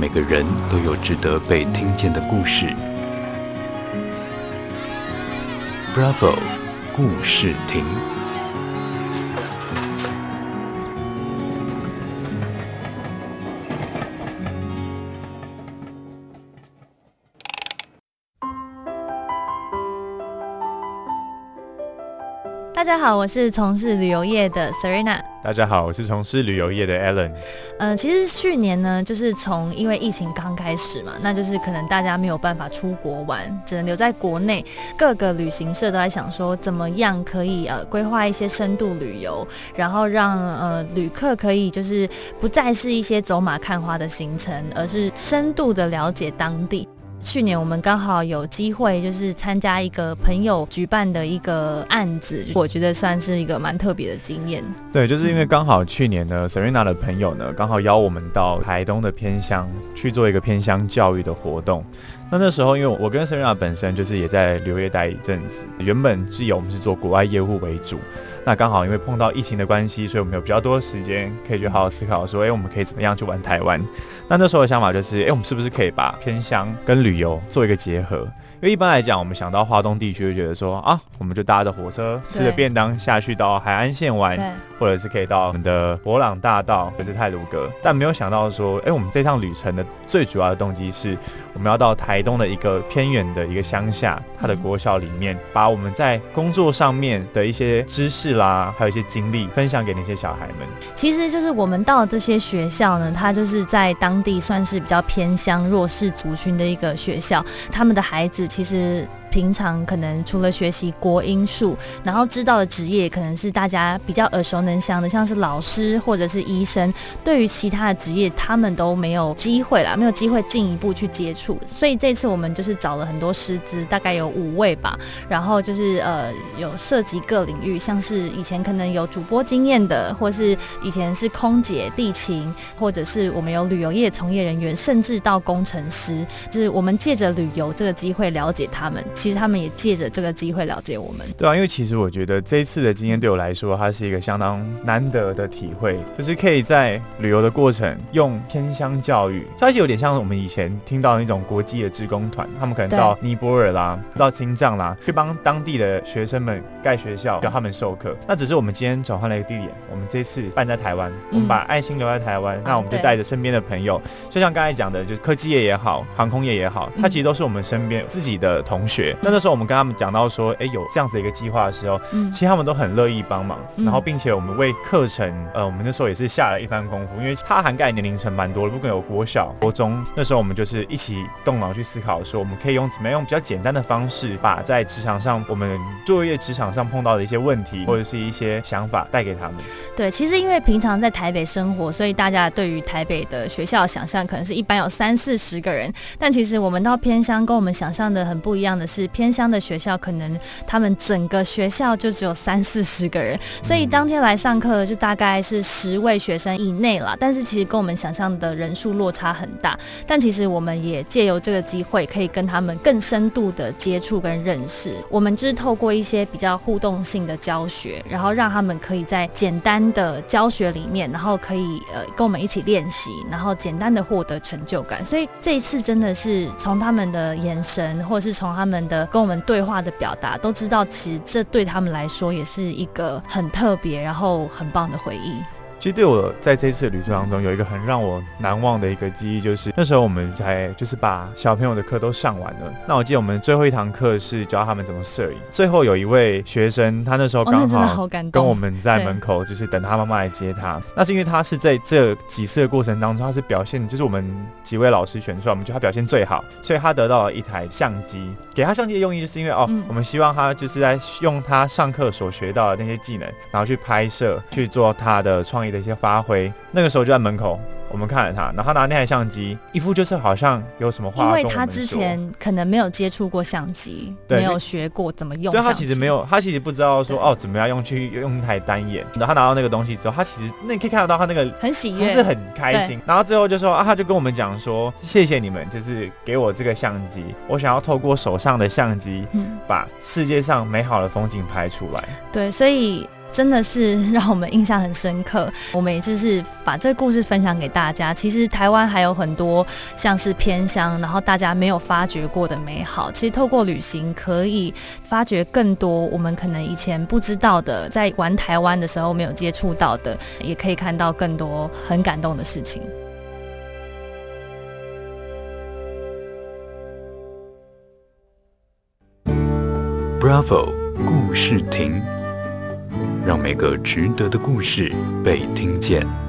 每個人都有值得被聽見的故事。Bravo，故事亭。大家好，我是從事旅遊業的 Serena。大家好，我是從事旅遊業的 Alan。嗯、呃，其實去年呢，就是從因為疫情剛開始嘛，那就是可能大家沒有辦法出國玩，只能留在國內。各個旅行社都在想說，怎麼樣可以呃規劃一些深度旅遊，然後讓呃旅客，可以就是不再是一些走馬看花的行程，而是深度的了解當地。去年我們剛好有機會，就是參加一個朋友舉辦的一個案子，我覺得算是一個蠻特別的經驗。對，就是因為剛好去年呢，嗯、Serena 的朋友呢，剛好邀我們到台東的偏鄉去做一個偏鄉教育的活動。那那時候，因為我跟 Serena 本身就是也在留約待一陣子，原本是有我們是做國外業務為主，那剛好因為碰到疫情的關係，所以我們有比較多時間可以去好好思考，說哎、欸，我們可以怎麼樣去玩台灣？那那時候的想法就是，哎，我們是不是可以把偏鄉跟旅遊做一個結合？因為一般來講，我們想到花東地區，就覺得說啊，我們就搭着火車，吃着便當下去到海岸線玩，或者是可以到我們的伯朗大道，或是太魯閣，但沒有想到說，哎，我們這趟旅程的。最主要的動機是，我們要到台東的一個偏遠的一個鄉下，它的國小裡面，把我們在工作上面的一些知識啦，還有一些經歷，分享給那些小孩們。其實就是我們到的這些學校呢，它就是在當地算是比較偏鄉弱勢族群的一個學校，他們的孩子其實。平常可能除了學習國英數，然後知道的職業可能是大家比較耳熟能詳的，像是老師或者是醫生。對於其他的職業，他們都沒有機會啦，沒有機會進一步去接觸。所以這次我們就是找了很多師資，大概有五位吧。然後就是呃，有涉及各領域，像是以前可能有主播經驗的，或是以前是空姐、地勤，或者是我們有旅遊業從業人員，甚至到工程師。就是我們借着旅遊這個機會了解他們。其實他們也借着這個機會了解我們。對啊，因為其實我覺得這一次的經驗對我來說，它是一個相當難得的體會，就是可以在旅遊的過程用偏鄉教育，稍微有點像我們以前聽到的那種國際的志工團，他們可能到尼泊爾啦，對到青藏啦，去幫當地的學生們蓋學校，教他們授課。嗯、那只是我們今天轉換了一個地點，我們這次辦在台灣，嗯、我們把愛心留在台灣，嗯、那我們就帶着身邊的朋友，啊、就像剛才講的，就是科技業也，也好，航空業也，也好，它其實都是我們身邊自己的同學。嗯嗯那那時候我們跟他們講到說，哎、欸，有這樣子一個計劃的時候，嗯、其實他們都很樂意幫忙。嗯、然後，並且我們為課程，呃，我們那時候也是下了一番功夫，因為它涵蓋年齡層蠻多的，不管有國小、國中，那時候我們就是一起動腦去思考的時候，說我們可以用怎麼樣用比較簡單的方式，把在職場上我們作業職場上碰到的一些問題，或者是一些想法帶給他們。對，其實因為平常在台北生活，所以大家對於台北的學校的想象可能是一般有三四十個人，但其實我們到偏鄉，跟我們想象的很不一樣的。是偏鄉的學校，可能他們整個學校就只有三四十個人，所以當天來上課就大概是十位學生以內了。但是其實跟我們想象的人數落差很大，但其實我們也借由這個機會，可以跟他們更深度的接觸跟認識。我們就是透過一些比較互動性的教學，然後讓他們可以在簡單的教學裡面，然後可以呃跟我們一起練習，然後簡單的獲得成就感。所以這一次真的是從他們的眼神，或是從他們的跟我們對話的表達，都知道其實這對他們來說也是一個很特別，然後很棒的回憶。其實對我在這次的旅程當中，有一個很讓我難忘的一個記憶，就是那時候我們才，就是把小朋友的課都上完了。那我記得我們最後一堂課是教他們怎麼攝影。最後有一位學生，他那時候剛好跟我們在門口，就是等他媽媽來接他。那是因為他是在這幾次的過程當中，他是表現就是我們幾位老師選出來，我們覺得他表現最好，所以他得到了一台相機。給他相機的用意就是因為哦，嗯、我們希望他就是在用他上課所學到的那些技能，然後去拍攝，去做他的創意。的一些發揮，那個時候就在門口，我們看了他，然後他拿那台相機，一副就是好像有什麼話。因為他之前可能沒有接觸過相機，對沒有學過怎麼用對。對，他其實沒有，他其實不知道說對哦，怎麼樣用去用一台單眼。然後他拿到那個東西之後，他其實那你可以看得到他那個很喜悅，是很開心。對然後最後就說啊，他就跟我們講說：“謝謝你們，就是給我這個相機，我想要透過手上的相機，嗯，把世界上美好的風景拍出來。”對，所以。真的是讓我們印象很深刻。我們也就是把這個故事分享給大家。其實台灣還有很多像是偏鄉，然後大家沒有發掘過的美好。其實透過旅行，可以發掘更多我們可能以前不知道的，在玩台灣的時候沒有接觸到的，也可以看到更多很感動的事情。Bravo，故事亭。讓每個值得的故事被聽見。